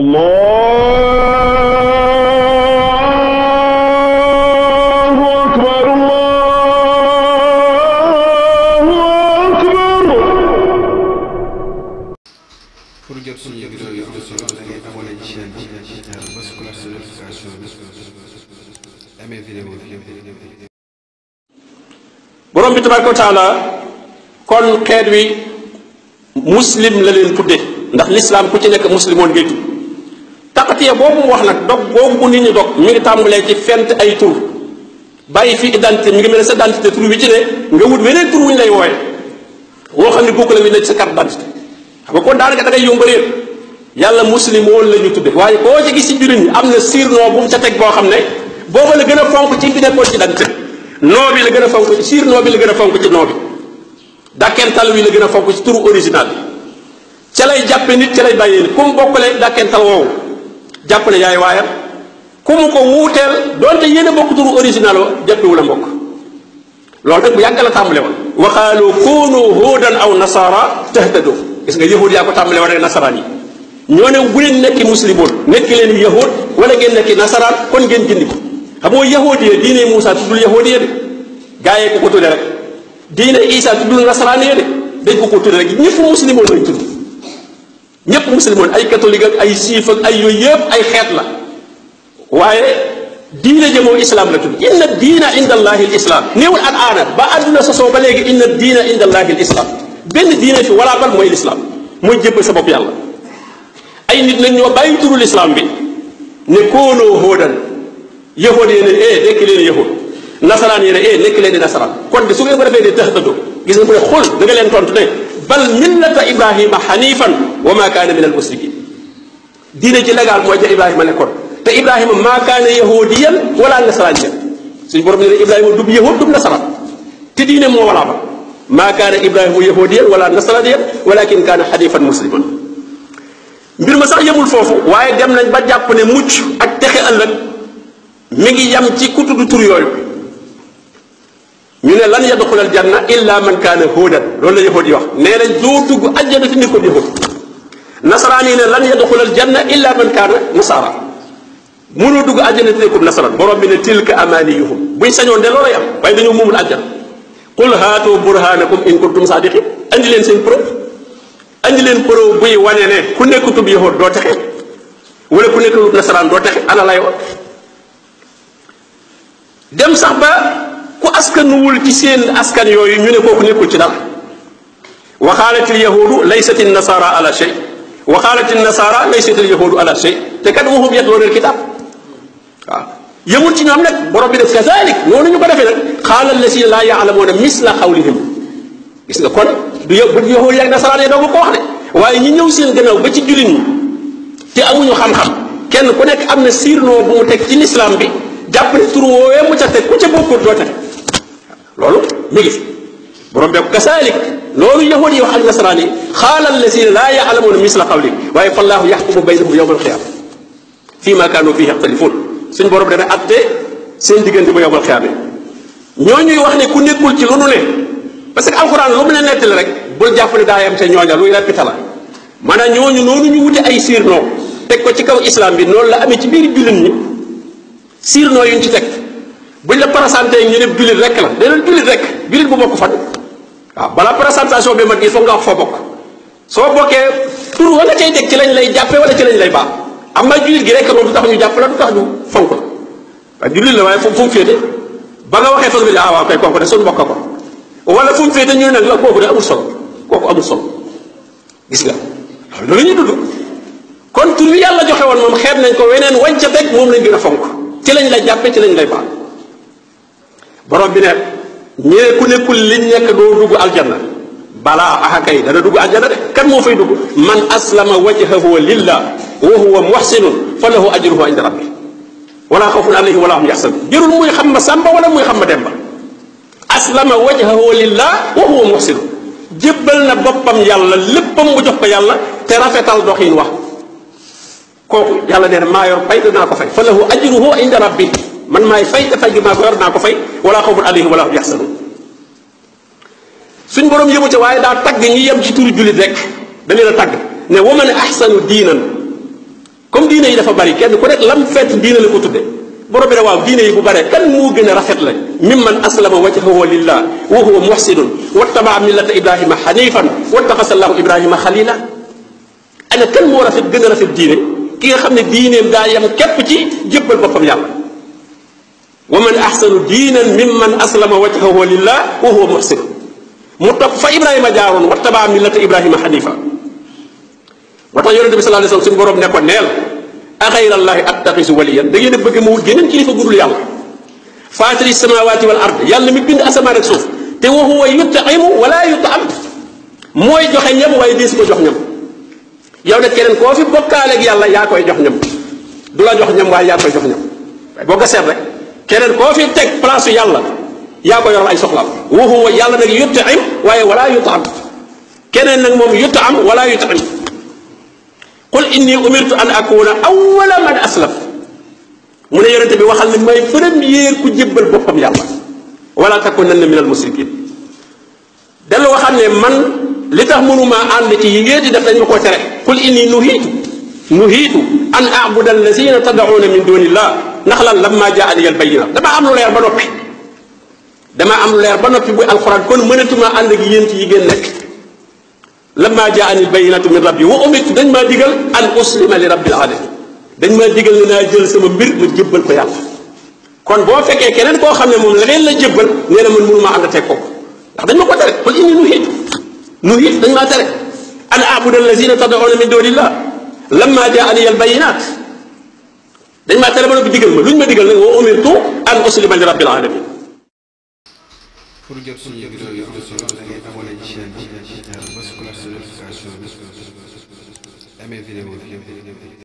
allahu akbar allahu akbar pour jot suñu vidéo yi am bi ba bi amee vidéo borom bi tabaraka wa kon xeet wi muslim la leen tudde ndax lislaam ku ci nekk muslimoon ngay taqatiya boobu mu wax nag dog googu nit ñi dog mi ngi tàmbalee ci fent ay tur bàyyi fi identité mi ngi mel ne sa identité tur wi ci ne nga wut weneen tur wu ñu lay wooye woo xam ne bokk la wi ne ci sa carte d'identité xam nga kon daanaka da ngay yomb réer yàlla muslimoon la ñu tudde waaye boo ci si jurit ñi am na surnom bu mu ca teg boo xam ne booba la gën a fonk ci bi nekkoon ci identité noo bi la gën a fonk ci surnom bi la gën a fonk ci noo bi dàkkental wi la gën a fonk ci tur original bi ca lay jàppe nit ca lay bàyyee nit comme bokkale dàkkental woowu jàppale ne yaay waayam ku mu ko wuuteel doonte yéen a bokk turu original wa jàppewu la mbokk loolu nag bu yàgg na tàmbale woon wa qaalu kunu huudan aw nasara tahtadu gis nga yahud yaa ko tàmbale na ak nasaraan yi ñoo ne bu leen nekki muslimoon nekki leen yahud wala ngeen nekki nasaraan kon ngeen gindi ko xam nga yahud ya diine Moussa tuddul yahud ya de gaa yee ko ko tudde rek diine Isa tuddul nasaraan ya de dañ ko ko tudde rek ñëpp muslimoon lañ tudd ñëpp musulmon ay catholique ak ay siif ak ay yoy yëpp ay xeet la waaye diine ja islam la tudd inna diina inda allahi al islam néewul ak aana ba àdduna sosoo ba léegi inna diina inda allahi al islam benn diine fi wala bal mooy islam mooy jébbal sa bopp yàlla ay nit nañ ñoo bàyyi turu islam bi ne koonoo hóodan yahood yéen e nekk leen yahood nasaraan yéen e nekk leen di nasaraan kon de su ngeen ko defee di tax gis nga mu ne xool da nga leen tontu day بل ملة إبراهيم حنيفا وما كان من المسلمين دين جلال موجه إبراهيم لكم تا إبراهيم ما كان يهوديا ولا نصرانيا سيدي بورم إبراهيم دوب يهود دوب نصرى تدين مو ما كان إبراهيم يهوديا ولا نصرانيا ولكن كان حنيفا مسلما بير ما صاح يمول فوفو واي دم نان با جاب ني موتش اك تخي الله ميغي يام تي كوتو دو تور يوي ñu ne lan yadxulal janna illa man kaana huudan loolu la yahud yi wax nee nañ doo dugg àjjana fi nekkul yahud nasaraan yi ne lan yadxulal janna illa man kaana nasaara mënoo dugg àjjana fi nekkul nasaraan borom bi ne tilka amaaniyuhum buñ sañoon de loolay am waaye dañoo moomul àjjana qul haatu burhaanakum in kuntum saadiqin andi leen seen preuve andi leen preuve buy wane ne ku nekkutub yahud doo texe wala ku nekkutub nasaraan doo texe ana lay wax dem ku askanuwul ci seen askan yooyu ñu ne kooku nekkul ci dal wa qaalat alyahudu laysat alnasara ala shay wa qaalat alnasara laysat alyahudu ala shay te kat wahum yatluuna alkitab waaw yëmul ci ñoom nag borom bi def kazalik noonu ñu ko defee nag qaala allazina laa yaalamuuna misla qawlihim gis nga kon du yow bu yahuud yaag nasaraan ya doo ko wax de waaye ñi ñëw seen gannaaw ba ci jullit ñi te amuñu xam-xam kenn ku nekk am na siirnoo bu mu teg ci lislaam bi jàpp ne tur woowee mu ca teg ku ca bokkul doo tax loolu mi ngi fi borom beeku kasaalik loolu yahudi yi wax ak nasaraan yi la allazina laa yaalamuuna misla qawlik waaye fallaahu yaxkumu baynahum yowma alqiyaama fii ma kaanu fii yaxtalifuun suñ borom dana atte seen diggante ba yowmal xiyaama ñoo ñuy wax ne ku nekkul ci lu nu ne parce que alxuraan lu mu ne nettali rek bul jàpp ne daa yam te ñooña luy répété la maanaam ñooñu noonu ñu wuti ay noo teg ko ci kaw islaam bi noonu la amee ci biir jullit ñi yu ñu ci teg buñ la présenté ñu ne jullit rek la day doon jullit rek jullit bu bokk fan waaw balaa présentation bi mag il faut nga wax foo bokk soo bokkee tur wala cay teg ci lañ lay jàppee wala ci lañ lay baax am na jullit gi rek moom du tax ñu jàpp la du tax ñu fonk la waaye jullit la waaye fu mu féete ba nga waxee fas bi ah waaw kay kooku de suñ mbokk ko wala fu mu féete ñu ne la kooku de amul solo kooku amul solo gis nga loolu ñu dudd kon tur bi yàlla joxe woon moom xeet nañ ko weneen wànca teg moom lañ gën a fonk ci lañ lay jàppee ci lañ lay baax borom bi ne ñee ku nekkul li nekk doo dugg aljanna balaa axakay dana dugg aljanna de kan moo fay dugg man aslama wajhahu lillah wa huwa muhsinun falahu ajruhu inda rabbi wala khawfun alayhi wala hum yahsan jërul muy xam ma sàmba wala muy xam ma demba aslama wajhahu lillah wa huwa muhsinun jébbal na boppam yàlla léppam mu jox ko yàlla te rafetal doxin wax kooku yàlla nee na maa yor pay danaa ko fay falahu ajruhu inda rabbi من ماي فاي تفاي ما غور ما كفاي ولا خوف عليه ولا يحسن سن بروم يمو تي واي دا تاغ ني يم سي تور جولي ريك دا لي لا تاغ ني ومن احسن دينا كوم دينا يي دا فا باري كين كو ريك لام فيت دينا لا كو تود بروم بي واو دينا يي بو باري كان مو غينا رافيت لا ميم من اسلم وجهه لله وهو محسن واتبع مله ابراهيم حنيفا واتخذ الله ابراهيم خليلا انا كان مو رافيت غينا رافيت كي خا خني دينا دا يم كيب سي جيبل ومن احسن دينا ممن اسلم وجهه لله وهو محسن متفق ابراهيم جار واتبع مله ابراهيم حنيفا وتا يرد بن صلى الله عليه وسلم بروم نيكو نيل اغير الله اتقي وليا داغي نه بغي مو جينن كليفا غودول يالا فاطر السماوات والارض يالا مي بند اسمان اك سوف تي وهو يطعم ولا يطعم موي جوخي نيم واي ديس كو جوخ نيم ياو نك كينن كو في بوكال اك يالا يا كوي جوخ نيم دولا جوخ نيم واي يا جوخ نيم بوغا سير رك كنن كوفي تك بلاص يلا يا بو يلا اي وهو يلا نك يطعم واي ولا يطعم كنن نك موم يطعم ولا يطعم قل اني امرت ان اكون اول من اسلف من يرنت بي وخال نك ماي بروميير كو جيبل بوبام يلا ولا تكونن من المشركين دل وخال ني من لي تخ ما اند تي ييغي دي نكو تري قل اني نهيت نهيت ان اعبد الذين تدعون من دون الله ndax lan lamma jaa aliyal bayina dama am lu leer ba noppi dama am lu leer ba noppi bu alquran kon mënatuma ànd ak yéen ci yi ngeen nekk lamma jaa ani bayinatu min rabbi wa umirtu dañ maa digal an uslima li rabbil alamin dañ maa digal ne naa jël sama mbir ma jébbal ko yàlla kon boo fekkee keneen koo xam ne moom leneen la jébbal nee na man mënuma ànd teg kooku ndax dañ ma ko tere kon inni nuhitu nuhit dañ maa tere an abuda allazina tadauna min dunillah lamma jaa aliyal bayinat dañ ma tere ba noppi digal ma luñ ma digël nak wa umirtu an uslima li rabbil alamin pour jot suñu vidéo yi am solo da ngay abonné ci chaîne bi ba su ko notification bi amee vidéo bi